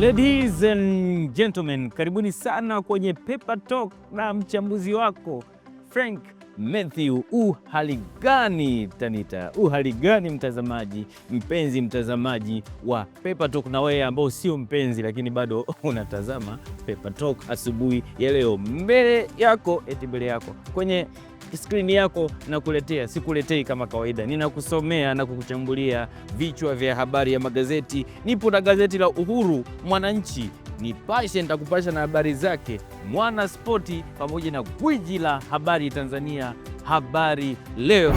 Ladies and gentlemen, karibuni sana kwenye Paper Talk na mchambuzi wako Frank matthew Uhali gani Tanita? Uhali gani mtazamaji, mpenzi mtazamaji wa Paper Talk, na wewe ambao sio mpenzi lakini bado unatazama Paper Talk asubuhi ya leo, mbele yako eti mbele yako kwenye skrini yako nakuletea, sikuletei kama kawaida, ninakusomea na kukuchambulia vichwa vya habari ya magazeti. Nipo na gazeti la Uhuru, Mwananchi, Nipashe nitakupasha na habari zake, Mwana Spoti pamoja na gwiji la habari Tanzania, Habari Leo.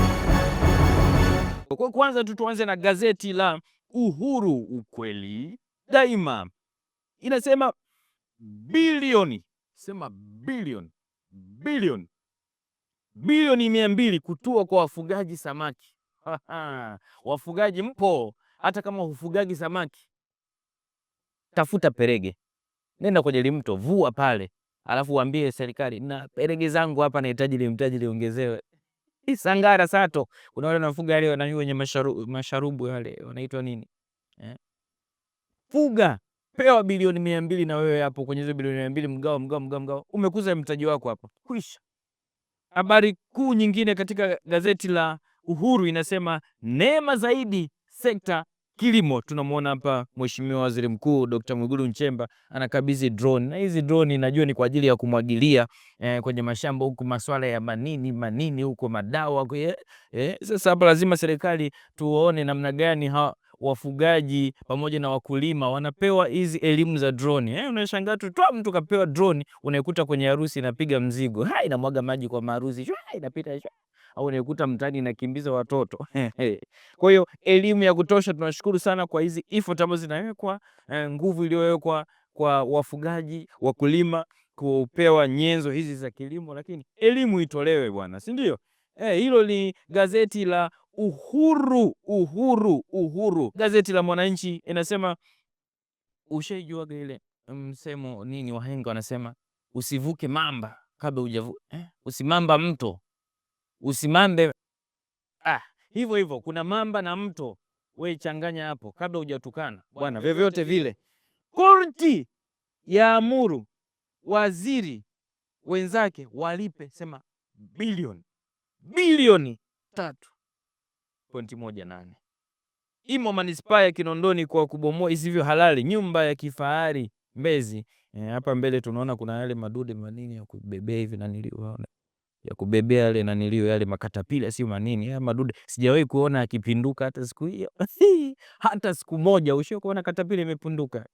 Kwa kwanza tu tuanze na gazeti la Uhuru, ukweli daima, inasema bilioni sema bilioni bilioni bilioni mia mbili kutua kwa wafugaji samaki. Wafugaji mpo, hata kama hufugaji samaki, tafuta perege, nenda kwenye limto, vua pale, alafu waambie serikali, na perege zangu hapa nahitaji limtaji liongezewe. Sangara sato, kuna wale wanafuga wale wanayo wenye masharubu, masharubu wale wanaitwa nini eh? Fuga, pewa bilioni mia mbili na wewe hapo kwenye hizo bilioni mia mbili mgao mgao mgao mgao, umekuza mtaji wako hapo, kwisha. Habari kuu nyingine katika gazeti la Uhuru inasema neema zaidi sekta kilimo. Tunamwona hapa Mheshimiwa Waziri Mkuu Dr. Mwigulu Nchemba anakabidhi drone, na hizi drone najua ni kwa ajili ya kumwagilia eh, kwenye mashamba huku, masuala ya manini manini huko, madawa eh, eh, sasa hapa lazima serikali tuone namna gani wafugaji pamoja na wakulima wanapewa hizi elimu za droni. Eh, unashangaa tu mtu kapewa droni, unaikuta kwenye harusi inapiga mzigo, ha, inamwaga maji kwa maharusi, inapita shwa. au unaikuta mtaani inakimbiza watoto. Kwa hiyo elimu ya kutosha. Tunashukuru sana kwa hizi effort ambazo zinawekwa, eh, nguvu iliyowekwa kwa wafugaji, wakulima kupewa nyenzo hizi za kilimo, lakini elimu itolewe bwana, si ndio? Eh, hilo ni gazeti la uhuru, uhuru, uhuru. Gazeti la Mwananchi inasema ushaijuaga ile msemo nini, wahenga wanasema usivuke mamba kabla hujavu eh? usimamba mto usimambe ah, hivyo hivyo, kuna mamba na mto, we changanya hapo kabla hujatukana bwana. Vyovyote vile, korti ya amuru waziri wenzake walipe sema bilioni bilioni tatu pointi moja nane. Imo manispaa ya Kinondoni kwa kubomoa isivyo halali nyumba ya kifahari Mbezi. Eh, hapa e, mbele tunaona kuna yale madude manini ya kubebea hivi na nilio ya kubebea yale na nilio yale makatapila sio manini ya madude, sijawahi kuona akipinduka hata siku hiyo hata siku moja. Ushio kuona katapila imepunduka.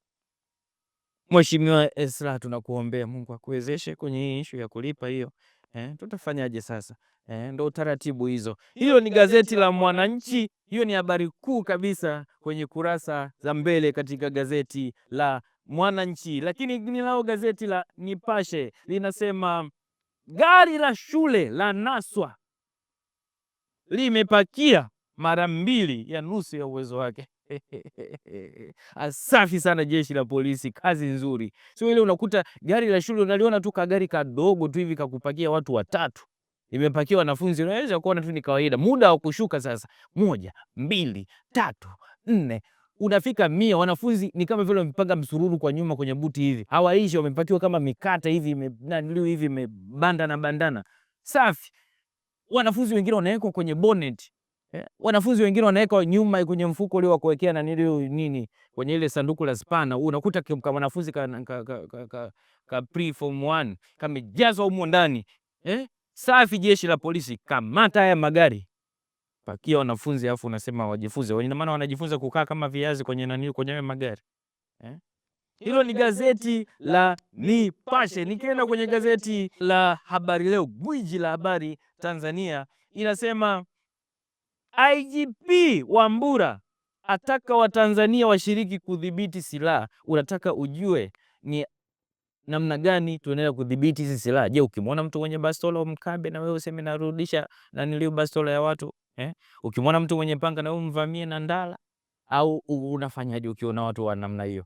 Mheshimiwa Esra, tunakuombea Mungu akuwezeshe kwenye hii ya kulipa hiyo Eh, tutafanyaje sasa? Eh, ndo utaratibu hizo. hiyo ni gazeti la Mwananchi, hiyo ni habari kuu kabisa kwenye kurasa za mbele katika gazeti la Mwananchi. Lakini ninalo gazeti la Nipashe linasema gari la shule la Naswa limepakia mara mbili ya nusu ya uwezo wake. Asafi sana jeshi la polisi, kazi nzuri. Sio ile unakuta gari la shule unaliona tu kagari kadogo tu hivi kakupakia watu watatu, imepakia wanafunzi, unaweza kuona tu ni kawaida. Muda wa kushuka sasa, moja, mbili, tatu, nne unafika mia, wanafunzi ni kama vile wamepanga msururu kwa nyuma kwenye buti hivi, hawaishi, wamepakiwa kama mikate hivi imenaniliu hivi imebandana bandana. Safi. Wanafunzi wengine wanawekwa kwenye bonnet Eh, wanafunzi wengine wanaweka nyuma kwenye mfuko ule wa kuwekea na nini nini kwenye ile sanduku la spana, unakuta kama mwanafunzi ka, ka, ka, ka, ka, ka pre form 1 kamejazwa humo ndani eh? Safi, jeshi la polisi, kamata haya magari, pakia wanafunzi, afu unasema wajifunze. Ina maana wanajifunza kukaa kama viazi kwenye nani, kwenye hayo magari eh? Hilo ni gazeti la Nipashe. Nikienda kwenye gazeti la Habari Leo, gwiji la habari Tanzania, inasema IGP Wambura ataka Watanzania washiriki kudhibiti silaha. Unataka ujue ni namna gani tunaenda kudhibiti hizi silaha? Je, ukimwona mtu mwenye bastola umkabe na wewe useme narudisha na nilio bastola ya watu eh? Ukimwona mtu mwenye panga na wewe umvamie na ndala au unafanyaje ukiona watu wa namna hiyo?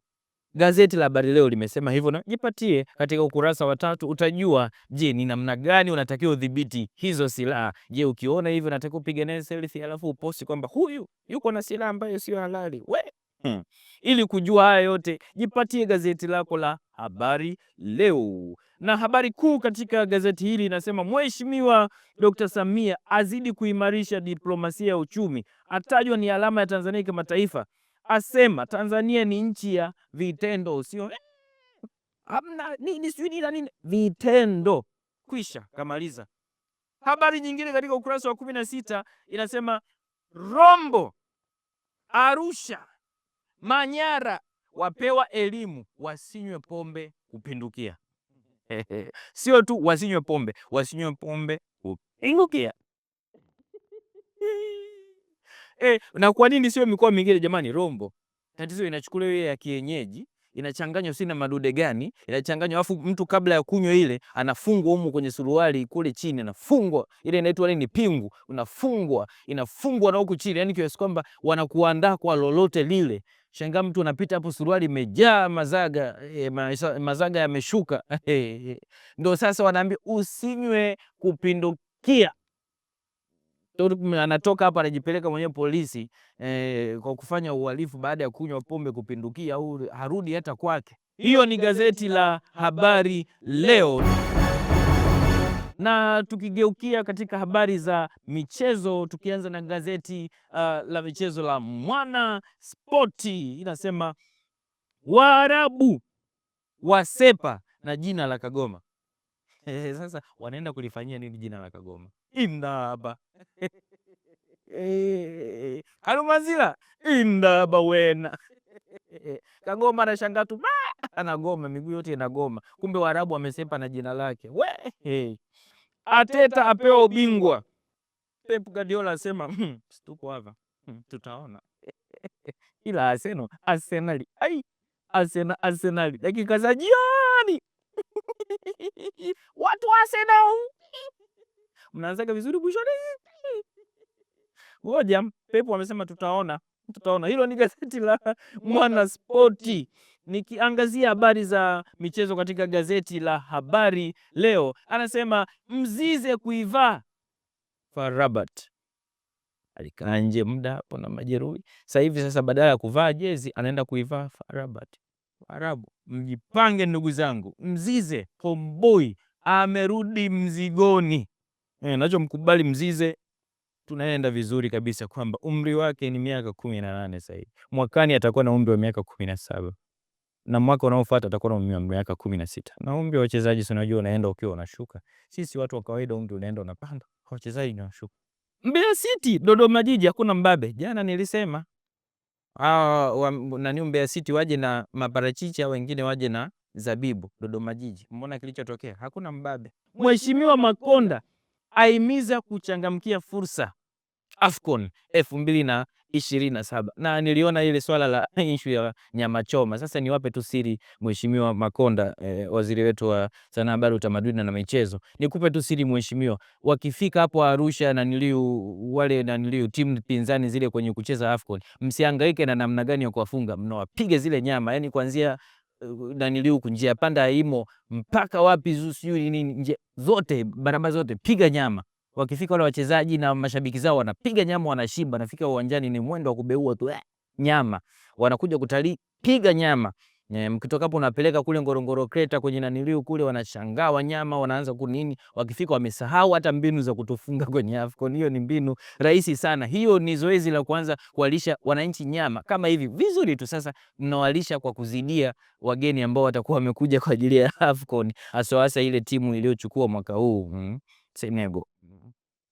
Gazeti la Habari Leo limesema hivyo, na jipatie katika ukurasa wa tatu, utajua je, ni namna gani unatakiwa udhibiti hizo silaha. Je, ukiona hivyo unatakiwa upige naye selfie, alafu uposti kwamba huyu yuko na silaha ambayo sio halali we hmm. Ili kujua haya yote jipatie gazeti lako la Habari Leo, na habari kuu katika gazeti hili inasema Mheshimiwa Dr. Samia azidi kuimarisha diplomasia ya uchumi, atajwa ni alama ya Tanzania kimataifa asema Tanzania ni nchi ya vitendo, sio eh, hamna nini sijui nini na nini, vitendo. Kwisha kamaliza. Habari nyingine katika ukurasa wa kumi na sita inasema Rombo, Arusha, Manyara wapewa elimu wasinywe pombe kupindukia. Sio tu wasinywe pombe, wasinywe pombe kupindukia. Eh, na kwa nini sio mikoa mingine jamani? Rombo tatizo inachukuliwa ile ya kienyeji inachanganywa si na madude gani, inachanganywa afu mtu kabla ya kunywa ile anafungwa humu kwenye suruali kule chini, anafungwa ile inaitwa nini, pingu, unafungwa inafungwa na huku chini, yani kiasi kwamba wanakuandaa kwa lolote lile. Shanga mtu anapita hapo, suruali imejaa mazaga e, ma, mazaga yameshuka. Ndio sasa wanaambia usinywe kupindukia anatoka hapa anajipeleka mwenyewe polisi eh, kwa kufanya uhalifu baada ya kunywa pombe kupindukia, au harudi hata kwake. Hiyo ni gazeti la Habari Leo. Na tukigeukia katika habari za michezo, tukianza na gazeti uh, la michezo la Mwana Spoti, inasema Waarabu wasepa na jina la Kagoma. Sasa wanaenda kulifanyia nini jina la Kagoma? Inna hapa Kalumazila eh, indaba wena kagoma na tu anagoma miguu yote inagoma, kumbe Waarabu wamesepa na jina lake we Ateta apewa ubingwa. Pep Guardiola asema hmm, situko hapa hmm, tutaona, ila aseno asenali ai asena asenali dakika za jioni watu asenau mnaanzaga vizuri, mwishoni ngoja pepo amesema tutaona tutaona. Hilo ni gazeti la Mwanaspoti nikiangazia habari za michezo katika gazeti la Habari Leo. Anasema Mzize kuivaa FAR Rabat, alikaa nje muda hapo na majeruhi. Sasa hivi sasa badala ya kuvaa jezi anaenda kuivaa Farabat. Arabu, mjipange ndugu zangu, Mzize komboi amerudi mzigoni eh, nachomkubali Mzize tunaenda vizuri kabisa kwamba umri wake ni miaka kumi na nane sasa hivi. Mwakani atakuwa na umri wa miaka kumi na saba na mwaka unaofuata atakuwa na miaka kumi na sita na umri wa wachezaji si unajua unaenda ukiwa unashuka. Sisi watu wa kawaida umri unaenda unapanda, wachezaji ni washuka. Mbeya City, Dodoma Jiji hakuna mbabe. Jana nilisema hawa ah, nani, Mbeya City waje na maparachichi au wengine waje na zabibu Dodoma Jiji. Mbona kilichotokea? Hakuna mbabe. Mheshimiwa Makonda aimiza kuchangamkia fursa AFCON elfu mbili na ishirini na saba na niliona ile swala la ishu ya nyama choma. Sasa niwape tu siri, Mheshimiwa Makonda eh, waziri wetu wa sanaa, habari, utamaduni na michezo, nikupe tu siri mheshimiwa, wakifika hapo Arusha na niliu wale na niliu timu pinzani zile kwenye kucheza AFCON, msihangaike na namna gani ya kuwafunga, mnawapige zile nyama, yani kuanzia naniliu kunjia panda imo mpaka wapi sijui nini nje zote barabara zote piga nyama. Wakifika wale wachezaji na mashabiki zao wanapiga nyama, wanashiba. Nafika uwanjani ni mwendo wa kubeua tu eh, nyama. Wanakuja kutalii, piga nyama. Eh, mkitoka hapo unapeleka kule Ngorongoro kreta kwenye naniliu kule, wanashangaa wanyama, wanaanza kunini, wakifika wamesahau hata mbinu za kutufunga kwenye AFCON. Hiyo ni mbinu rahisi sana hiyo, ni zoezi la kwanza kuwalisha wananchi nyama kama hivi vizuri tu. Sasa mnawalisha kwa kuzidia wageni ambao watakuwa wamekuja kwa ajili ya AFCON, hasa hasa ile timu iliyochukua mwaka huu hmm, Senegal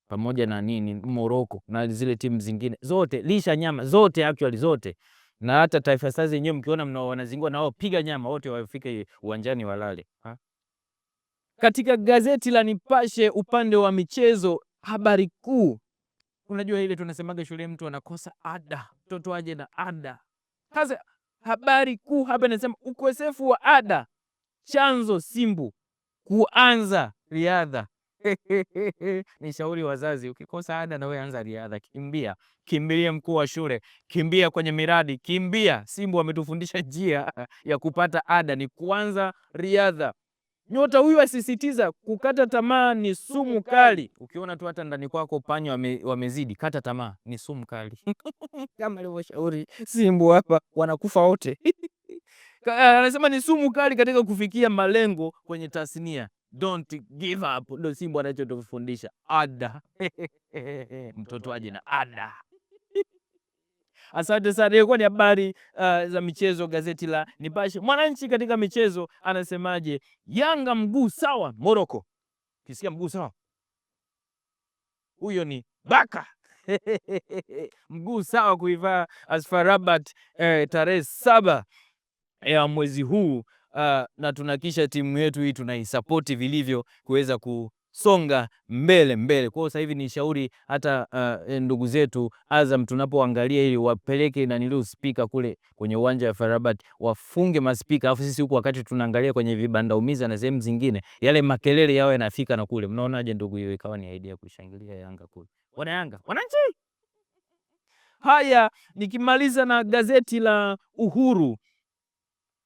pamoja na nini Morocco na zile timu zingine zote, lisha nyama zote actually zote na hata Taifa Stars yenyewe mkiona mna wanazingua na wao piga nyama wote wafike uwanjani walale ha? Katika gazeti la Nipashe upande wa michezo habari kuu, unajua ile tunasemaga shule mtu anakosa ada, mtoto aje na ada. Sasa habari kuu hapa inasema ukosefu wa ada chanzo Simbu kuanza riadha ni shauri wazazi, ukikosa ada na wewe anza riadha, kimbia, kimbilie mkuu wa shule, kimbia kwenye miradi, kimbia. Simbu ametufundisha njia ya kupata ada ni kuanza riadha. Nyota huyu asisitiza kukata tamaa ni sumu kali. Ukiona tu hata ndani kwako panya wame, wamezidi, kata tamaa ni sumu kali kama alivyoshauri Simbu hapa, wanakufa wote anasema ni sumu kali katika kufikia malengo kwenye tasnia. Don't give up, ndo Simba anachotufundisha ada. mtoto aje na ada. Asante sana, ilikuwa ni habari uh, za michezo, gazeti la Nipashe. Mwananchi katika michezo anasemaje? Yanga mguu sawa Moroko. Kisikia mguu sawa, huyo ni Baka mguu sawa kuivaa Asfarabat eh, tarehe saba ya mwezi huu uh, na tunahakikisha timu yetu hii tunaisapoti vilivyo kuweza ku songa mbele mbele. Kwa sasa hivi ni shauri hata uh, ndugu zetu Azam tunapoangalia ili wapeleke na nilio spika kule kwenye uwanja wa Farabat wafunge maspika, afu sisi huku wakati tunaangalia kwenye vibanda umiza na sehemu zingine, yale makelele yao yanafika na kule. Mnaonaje ndugu, hiyo ikawa ni idea kushangilia Yanga kule, wana Yanga wananchi Haya, nikimaliza na gazeti la Uhuru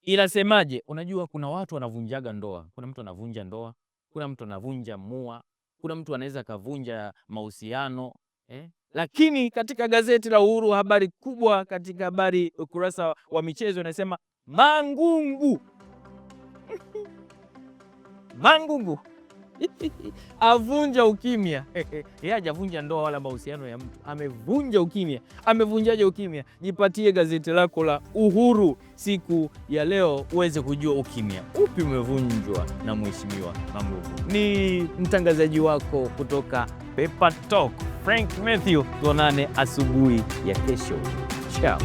Inasemaje? Unajua kuna watu wanavunjaga ndoa. Kuna mtu anavunja ndoa, kuna mtu anavunja mua, kuna mtu anaweza akavunja mahusiano eh? Lakini katika gazeti la Uhuru habari kubwa katika habari ukurasa wa michezo inasema Mangungu Mangungu avunja ukimya yeye hajavunja ndoa wala mahusiano ya mtu, amevunja ukimya. Amevunjaje ukimya? Jipatie gazeti lako la Uhuru siku ya leo uweze kujua ukimya upi umevunjwa na Mheshimiwa Mamluku. Ni mtangazaji wako kutoka Pepa Talk, Frank Matthew. Tuonane asubuhi ya kesho, chao.